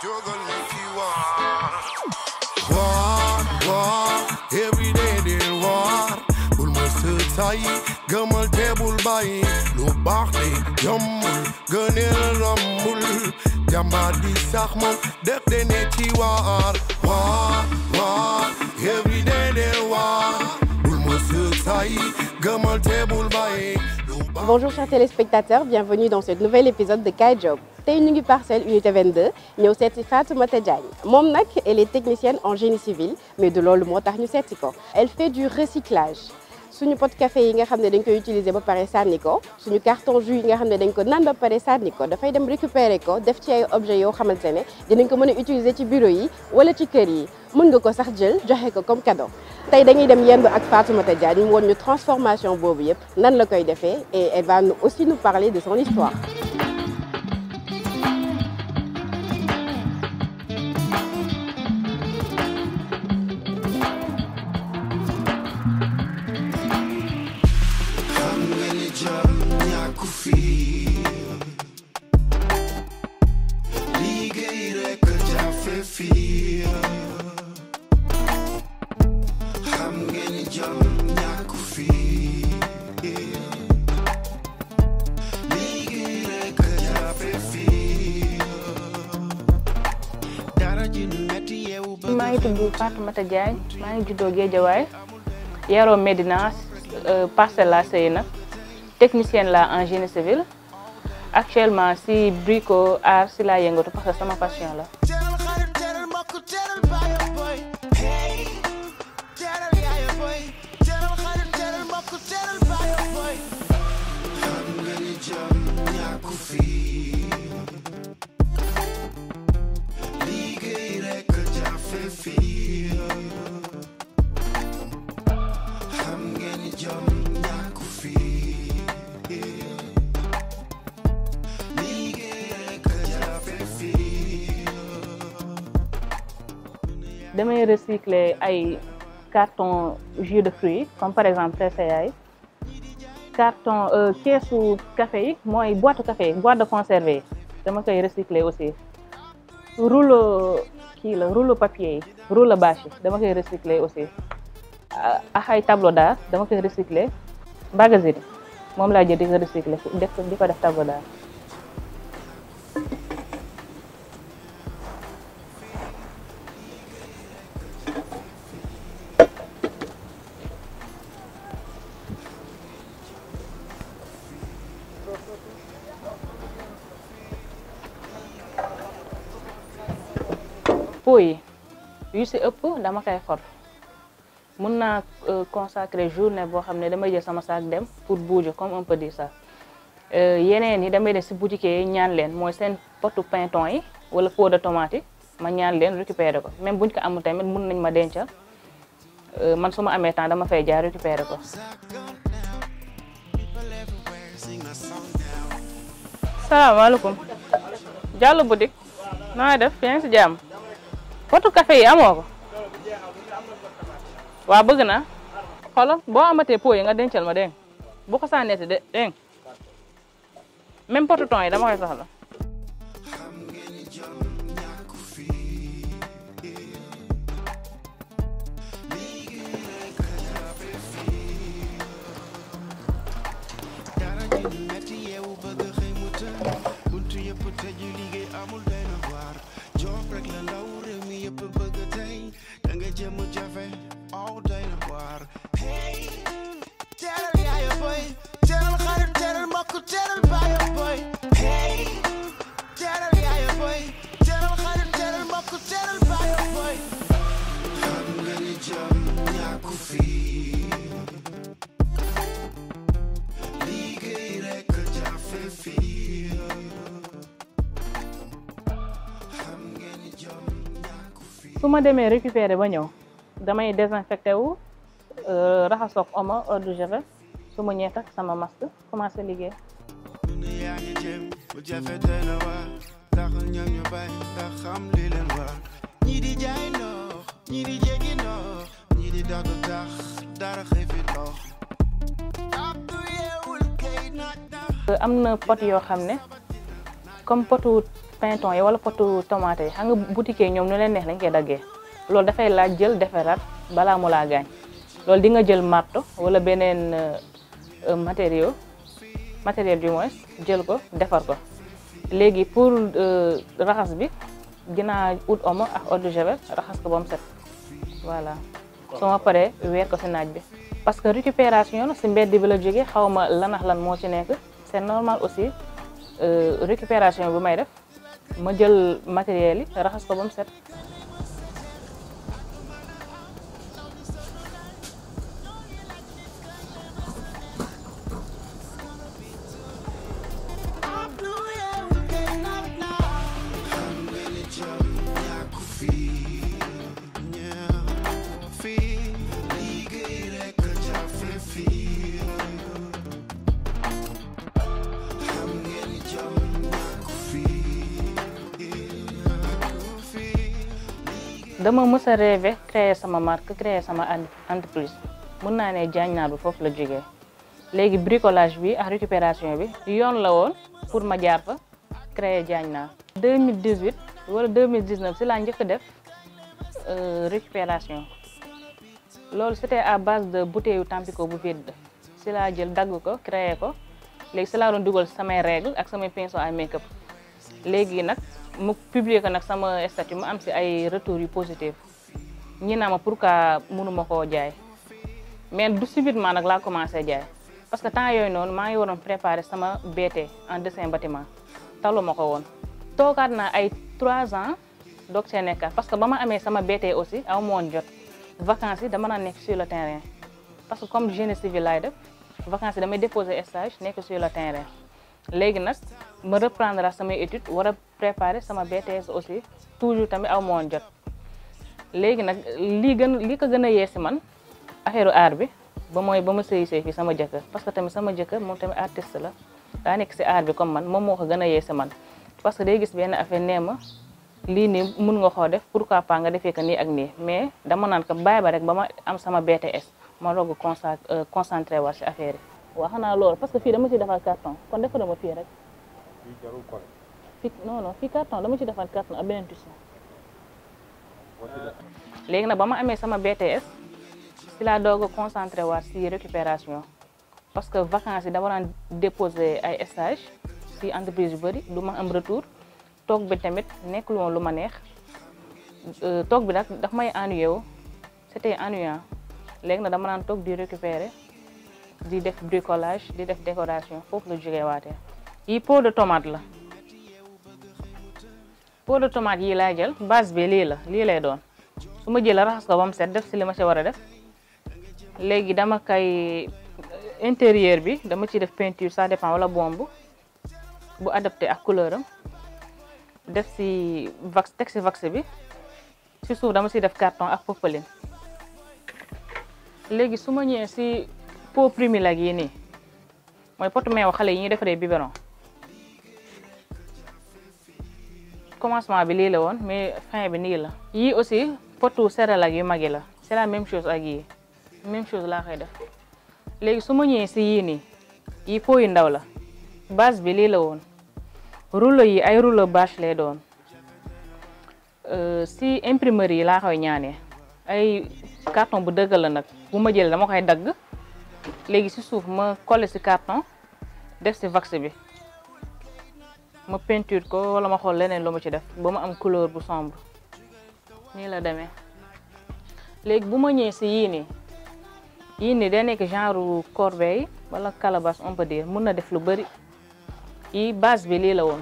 juggle if you want. War, war, every day they war. Bul mă sățai, gămăl te bulbai, lu bahte, jomul, gănel romul, jamba di sahmon, dek de neti war. War, war, every day they war. Bul mă sățai, gămăl te bulbai, bonjour chers téléspectateurs bienvenue dans ce nouvel épisode de Kaay Job tey ñu ngi parcelle unité 22 moom nag elle est technicienne en génie civil mais loolu moo tax ñu seet si ko elle suñu pot café yi nga xam ne dañ koy utiliser ba pare sànni ko suñu carton jus yi nga xam ne dañ ko nan ba pare sànni ko dafay dem récupérer ko def ci ay objet yoo xamante ne dinañ ko mën a utiliser ci bureau yi wala ci kër yi mën nga ko sax jël joxe ko comme cadeau tey dañuy dem yendu ak Fatoumata Dia ñu woon ñu transformation boobu yëpp nan la koy defee et elle aussi nu parler de son histoire Fatmata Diagne maa ngi juddoo Géejawaay yaroo Médina euh, parcelle la sëy na technicienne la en génie civil actuellement si brico art si la yëngatu parce que sama passion la damay recycler ay carton jus de fruits comme par exemple TCA yi carton euh, keesu café yi mooy boîte cafe yi boîte de conserve yi dama koy recycler aussi rouleau kii la rouleau papier yi rouleau bâche dama koy recycler aussi ah, ak ay tableau d'art dama koy recycler magazine moom laa jël di ko recycler def di ko def tableau d'art pot yi yu si ëpp dama koy for mun naa euh, consacrer journée boo xam ne damay jël sama saak dem pour buuju comme on peut dire ça euh, yeneen yi damay dem si boutique yi ñaan leen mooy seen potu pinton yi wala pot de tomate ma ñaan leen récupérer ko même buñ ko amul tamit mun nañ ma dencal euh, man su ma amee temps dama fay jaar récupérer ko. salaamaaleykum. Diallo Boutique. na nga def yaa ngi potu café yi amoo ko waaw bëgg naa xoolal boo amatee pot yi nga dencal ma dégg bu ko sànneeti de dégg même potu thon yi dama koy soxla jëm ma demee ba ñëw damay désinfecté wu euh, raxasoog omo eau de javel su ma ñëwee takk sama masque commencé liggéey. Euh, am na pot yoo xam ne comme potu pinton yi wala potu tomate yi xam nga boutique ñoom nu leen neex lañ koy daggee loolu dafay laaj jël defaraat balaa mu laa gaañ loolu di nga jël marto wala beneen euh, euh, matériau matériel du moins jël ko defar ko léegi pour euh, raxas bi dinaa ut omo ak eau de javel raxas ko ba mu set voilà su ma paree weer ko si naaj bi parce que récupération si mbedd bi la jógee xaw ma lanax lan moo ci nekk c'est normal aussi récupération bi may def ma jël matériel yi raxas ko ba mu set dama mës a rêvé sama marque créer sama entreprise mun naa ne jaañnaar bi foofu la jógee léegi bricolage bi ak récupération bi yoon la woon pour ma jaar fa créer jaañnaar 2018 wala 2019 si laa njëkk def euh, récupération loolu c'était à base de bouteille yu ko bu vide si laa jël dagg ko créer ko léegi si laa doon dugal samay règle ak samay pinceau à make léegi nag ma publier ko nag sama statut ma am si ay retours yu positif ñi naa ma pour pourquoi mënuma koo jaay mais du subitement nag laa commencé jaay parce que temps yooyu noonu maa ngi waroon préparer sama BT en dessin bâtiment talu ma ko woon toogaat naa ay trois ans doog see nekkaat parce que ba ma amee sama BT aussi aw moon jot vacances yi dama naa nekk si le terrain parce que comme génie civil laay def vacances damay déposer stage nekk si le terrain léegi nag ma reprendre samay études war a préparer sama BTS aussi toujours tamit aw moon jot léegi nag lii gën li ko gën a yeesi man affaire art bi ba mooy ba ma sëy sëy fii sama jëkkër parce que tamit sama jëkkër moom tamit artiste la daa nekk si art bi comme man moom moo ko gën a yeesi man parce que day gis benn affaire nee ma lii nii mun nga koo def pourquoi pas nga defee ko nii ak nii mais dama naan ko bàyyi ba rek ba ma am sama BTS ma doog euh, concentré war si affaire yi waa xanaa lool parce que fii dama ci defar carton kon defa dama fii rek fii non non fii carton dama ci defar carton a beneen tissu léegi nag ba ma amee sama BTS si laa doog a concentré waat si récupération parce que vacances dama daan déposer ay stage si entreprise yu bëri du ma am retour toog bi tamit nekkul woon lu ma neex euh, toog bi nag daf may ennuyé wu c'était ennuyant léegi nag dama daan toog di récupérer di def bricolage di def décoration foofu la jógee waatee yi pot de tomate la pot de tomate yi laay jël base bi lii la lii lay doon su ma jëlee raxas ko ba mu set def si li ma ci war a def léegi dama kay intérieur bi dama ciy def peinture ça dépend wala bomb bu adapté ak couleur def si vax teg si vax bi si suuf dama siy def carton ak popeline léegi su ma ñëwee si pot primila yi nii mooy potu meew xale yi ñuy defaree biberon commencement bi lii la woon mais fin bi nii la. yii aussi potu céréales yu mag yi la c'est la chose ak yi même chose laa koy def léegi su ma ñëwee si yii nii yii pot yu ndaw la base bi lii la woon rouleau yi ay rouleau bâche lay doon euh, si imprimerie yi laa koy ñaanee ay carton bu dëgg la nag bu ma jëlee dama koy dagg. léegi si suuf ma collé si carton def si wax bi ma peinture ko wala ma xool leneen lu ma ci def ba mu am couleur bu sombre nii la demee léegi bu ma ñëwee si yii nii yii nii day nekk genre corbeille wala calebasse on peut mun na def lu bari yi base bi lii la woon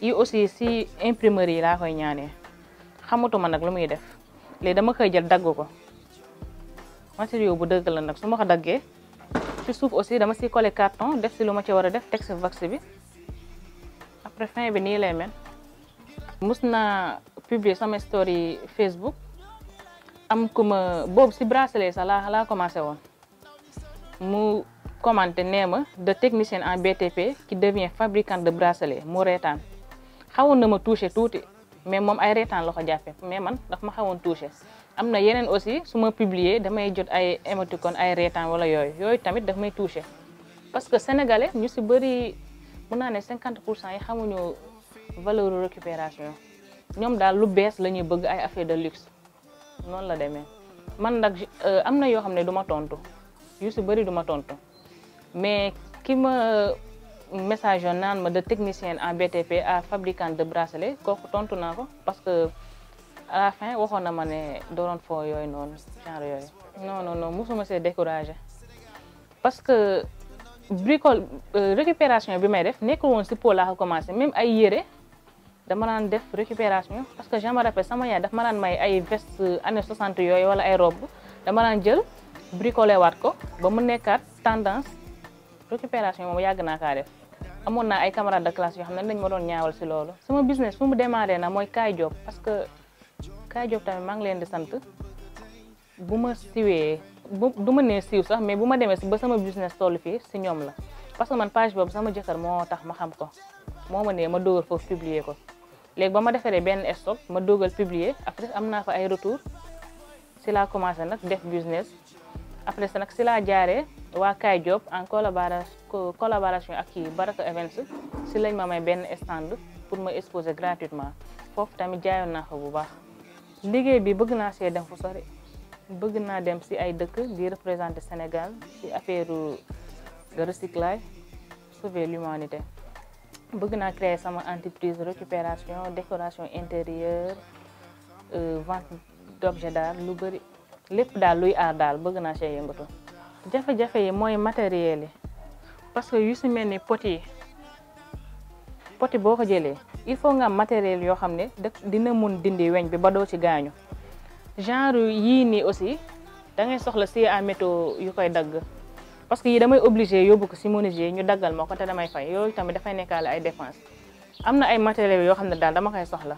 yi aussi si imprimerie yi laa koy ñaanee xamatuma nag lu muy def léegi dama koy jël dagg ko matériau bu dëgg la nag su ma ko daggee ci suuf aussi dama si collé carton def si lu ma ci war a def teg si wax bi après fin bi nii lay mel mus naa publier sama story Facebook am ku ma boobu si bracelet sax laa laa commencé woon mu commenté nee ma de technicienne en BTP qui devient fabricante de bracelet mu reetaan xawoon na ma touché tuuti mais moom ay reetaan la ko jàppee mais man ndax ma xawoon touché am na yeneen aussi suma publier damay jot ay émoticône ay reetaan wala yooyu yooyu tamit daf may touché parce que sénégalais ñu si bëri mun naa ne cinquante pour cent yi xamuñu valeur récupération ñoom daal lu bees la ñuy bëgg ay affaire de luxe noonu la demee man nag euh, am na yoo xam ne duma tontu yu si bëri duma tontu mais ki ma message yoon naan ma de technicien en BTP à fabricante de bracelet kooku tontu naa ko à la fin waxoon na ma ne doon foo yooyu noonu genre yooyu non non non mosuma see découragé parce que bricole euh, récupération bi may def nekkul woon si pot laa même ay yére dama daan def récupération parce que je me rappelle sama daf ma daan may ay veste années 60 yooyu wala ay robe dama daan jël bricolé ko ba mu nekkaat tendance récupération moom yàgg naa kaa def amoon naa ay camarades de classe yoo xam ne ma doon ñaawal si loolu sama business fu mu démarré na mooy kaay job parce que Ka Diop tamit maa ngi leen di sant bu ma siwee bu du ma nee siiw sax mais bu ma demee si ba sama business toll fii si ñoom la parce que man page boobu sama jëkkër moo tax ma xam ko moo ma nee ma dóogal foofu publier ko léegi ba ma defaree benn stock ma dóogal publier après am naa fa ay retour si laa commencé nag def business après sa nag si laa jaaree waa Kaay Diop en collaboration collaboration ak kii Baraka Events si lañ ma may benn stand pour ma exposer gratuitement foofu tamit jaayoon naa fa bu baax. liggéey bi bëgg naa see dem fu sori bëgg naa dem si ay dëkk di représenté Sénégal si affaire de recyclage sauver l'humanité bëgg naa créer sama entreprise récupération décoration intérieure euh, vente d'objets daal lu bëri lépp daal luy aar daal bëgg naa see yëngatu jafe-jafe yi mooy matériel parce que yu si mel ni boo ko jëlee il faut nga am matériel yoo xam ne dina mun dindi weñ bi ba doo ci gaañu genre yii nii aussi da ngay soxla si à métaux yu koy dagg parce que yi damay obligé yóbbu ko si menuisier ñu daggal ma ko te damay fay yooyu tamit dafay nekkaale ay dépense am na ay matériel yoo xam ne daal dama koy soxla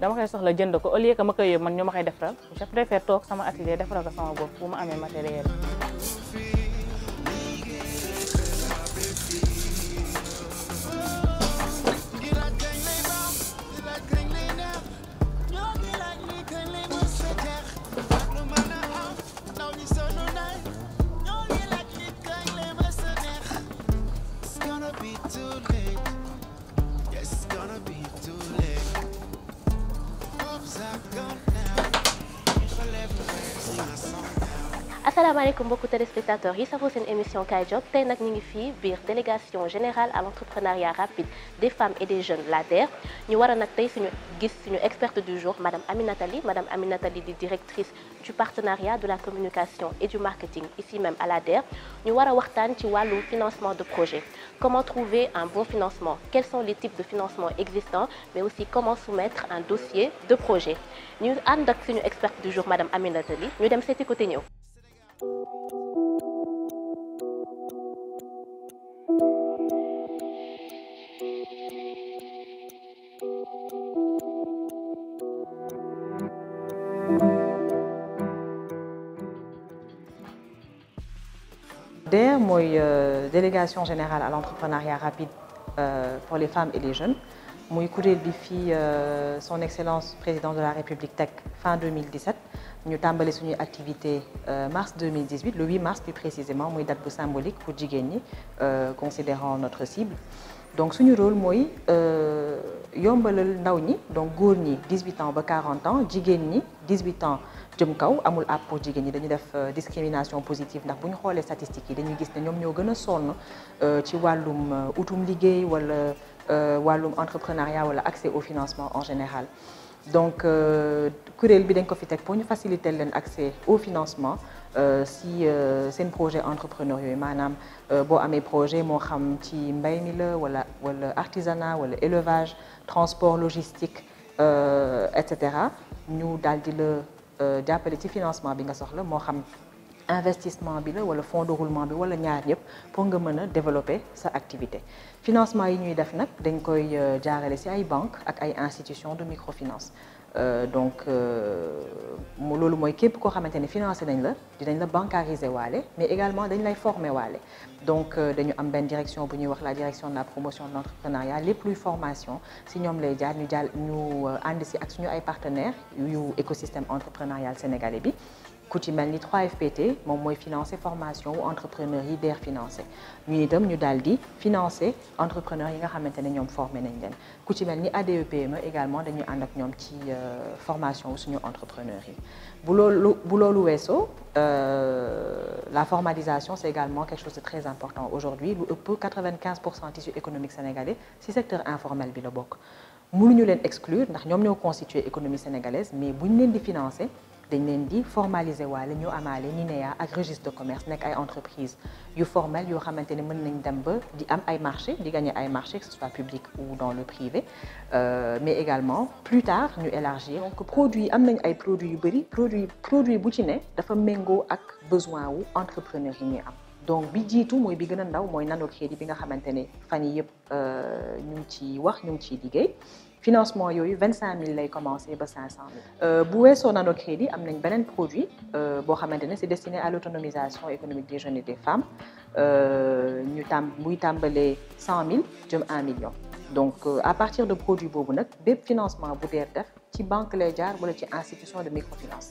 dama koy soxla jënd ko au lieu que ma koy yóbbu man ñu ma koy defaral je préfère toog sama atelier defaral ko sama bopp bu ma amee matériel asalaamaaleykum mbokku téléspectateurs yi safoo seen émission Kaay Job tey nag ñu ngi fii biir délégation générale à l'entrepreneuriat rapide des femmes et des jeunes la DER ñu war a nag tey suñu gis suñu experte du jour madame Aminata Ly madame Aminata Ly di directrice du partenariat de la communication et du marketing ici même à la DER ñu war a waxtaan ci wàllu financement de projet comment trouver un bon financement quels sont les types de financement existants mais aussi comment soumettre un projet ñu ànd ak suñu experte du jour madame Aminata Ly ñu dem seeti côté ñëw DER mooy euh, délégation générale à l'entrepreneuriat rapide euh, pour les femmes et les jeunes muy kuréel bi fii euh, de la république teg fin ñu tàmbali suñu activité euh, mars 2018 le 8 mars plus précisément muy date bu symbolique pour jigéen ñi euh, considérant notre cible donc suñu rôle mooy euh, yombalal ndaw ñi donc góor ñi 18 ans ba 40 ans jigéen ñi 18 ans jëm kaw amul àpp pour jigéen ñi dañu def discrimination positive ndax bu ñu xoolee statistiques yi dañuy gis ne ñoom ñoo gën a sonn ci wàllum utum liggéey wala wàllum entrepreneuriat wala accès au financement en général donc euh, kuréel bi dañ ko fi teg pour ñu faciliter leen accès au financement euh, si euh, seen projet entrepreneur yooyu maanaam boo amee projet moo xam ci mbay mi la wala wala artisanat wala élevage transport logistique et cetera ñu daal di la jàppale ci financement bi nga soxla moo xam investissement bi la wala fonds de roulement bi wala ñaar yëpp pour nga mën a développer sa activité financement yi ñuy def nag dañ koy euh, jaarale ci ay banque ak ay institutions de microfinance euh, donc euh, loolu mooy képp koo xamante ni financé nañ la dinañ la bancariser waale mais également dañ lay former waale donc dañu am benn direction bu ñuy wax la direction de la promotion de l'entrepreneuriat lépp luy formation si ñoom lay jaar ñu jàll ñu ànd si ak suñu ay partenaires yu écosystème entrepreneurial bi ku ci mel ni 3FPT moom mooy financer formation wu entrepreneur yi DER financé ñu itam ñu daal di financer entrepreneur yi nga xamante ne ñoom formé nañ leen ku ci mel ni ADEPME également dañu ànd ñoom ci euh, formation wu suñu entrepreneur yi bu loolu bu loolu weesoo euh, la formalisation c'est également quelque chose de très important aujourd'hui lu ëpp pour cent tissu économique sénégalais ci secteur informel bi la bokk mënuñu leen exclure ndax ñoom ñoo constituer économie sénégalaise mais buñ leen di financer dañ leen di formaliser waale ñu amaale NINEA ak registre de commerce nekk ay entreprise yu formel yoo xamante ne mën nañ dem ba di am ay marché di gagner ay marché que ce soit public ou dans le privé euh, mais également plus tard ñu élargir donc produit am nañ ay produits yu bëri produit produit bu ci ne dafa méngoo ak besoin wu entrepreneur yi ñuy am donc bi jiitu mooy bi gën a ndaw mooy nano crédit bi nga xamante ne fan yi yëpp euh, ñu ngi ciy wax ñu ngi ciy liggéey financement yooyu vingt cinq mille lay commencé ba cinq cent mille euh, bu weesoo nano crédit am nañ beneen produit euh, bo xamante ne c'est destiné à l'autonomisation économique des jeunes et des femmes euh, ñu tam buy tàmbalee cent mille jëm un million donc à partir de produit boobu nag bépp financement bu DER def ci banque lay jaar wala ci institution de microfinance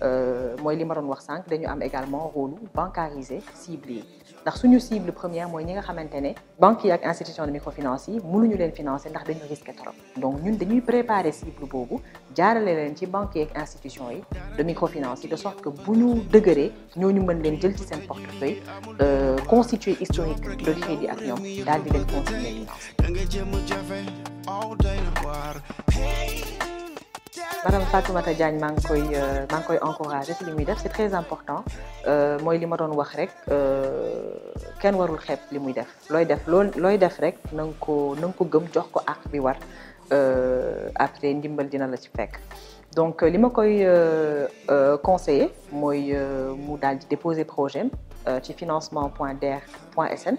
Euh, mooy li ma wax sànq dañu am également rôle bancarisé ciblé yi ndax suñu cible première mooy ñi nga xamante ne banques yi ak institution de microfinance yi mënuñu leen financer ndax dañu risqué trop donc ñun dañuy préparer cible boobu jaarale leen ci banques yi ak institution yi de microfinance yi de sorte que bu ñu dëgëree ñooñu mën leen jël ci seen portefeuille euh, constituer historique de crédit ak ñoom daal di leen consigner finance madame Fatoumata Diagne maa ngi koy euh, maa ngi koy encouragé ci li muy def c'est très important euh, mooy li ma doon wax rek euh, kenn warul xeeb li muy def looy def loo looy def rek na nga ko gëm jox ko àq bi war après ndimbal dina la ci fekk donc li ma koy conseiller mooy mu daal di déposer projet ci financement point DR point sn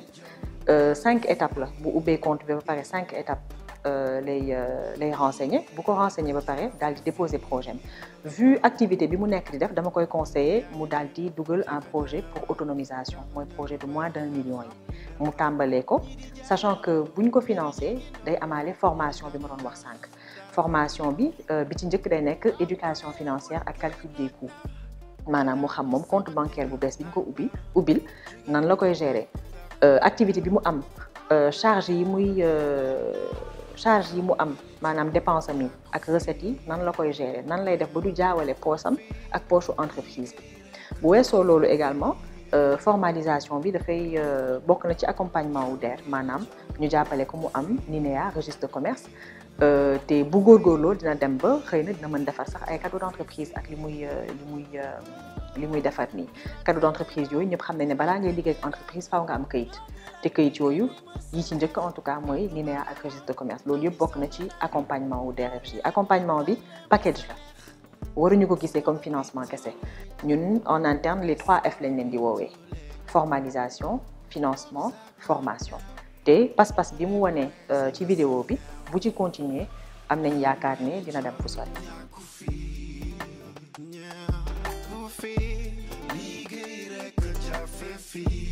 cinq étapes la bu ubbee compte bi ba pare cinq étapes Euh, lay euh, lay renseigner bu ko renseigner ba pare daal di déposer projet vu activité bi mu nekk di def dama koy conseiller mu daal di dugal un projet pour autonomisation mooy projet de moins d'un million yi mu tàmbalee ko sachant que bu ñu ko financé day amaale formation bi ma doon wax sànq formation bi euh, bi ci njëkk day nekk éducation financière ak calcul des coûts maanaam mu xam moom compte bancaire bu bees bi ñu ko ubbi ubbil nan la koy gérer activité bi mu am charge yi muy charge yi mu am maanaam dépense am yi ak recettes yi nan la koy gérer nan lay def ba du jaawale poosam ak poche entreprise bi bu weesoo loolu également euh, formalisation bi dafay euh, bokk na ci accompagnement wu DER maanaam ñu jàppale ko mu am NINEA registre de commerce euh, te bu góor góor góorgóorloo dina dem ba xëy na dina mën defar sax ay cadeau d'entreprise ak li muy li muy li muy defar nii cadeau d'entreprise yooyu ñëpp xam nañ ne balaa ngay liggéey ak entreprise faaw nga am kayit te kayit yooyu yi ci njëkk en tout cas mooy linéa ak registre de commerce loolu yëpp bokk na ci accompagnement wu DRFJ accompagnement bi package la waruñu ko gisee comme financement kese ñun en interne les trois F lañ leen di woowee formalisation financement formation te pas-pas bi mu wane euh, ci vidéo bi bu ci continuer am nañ yaakaar ne dina dem fu sori feel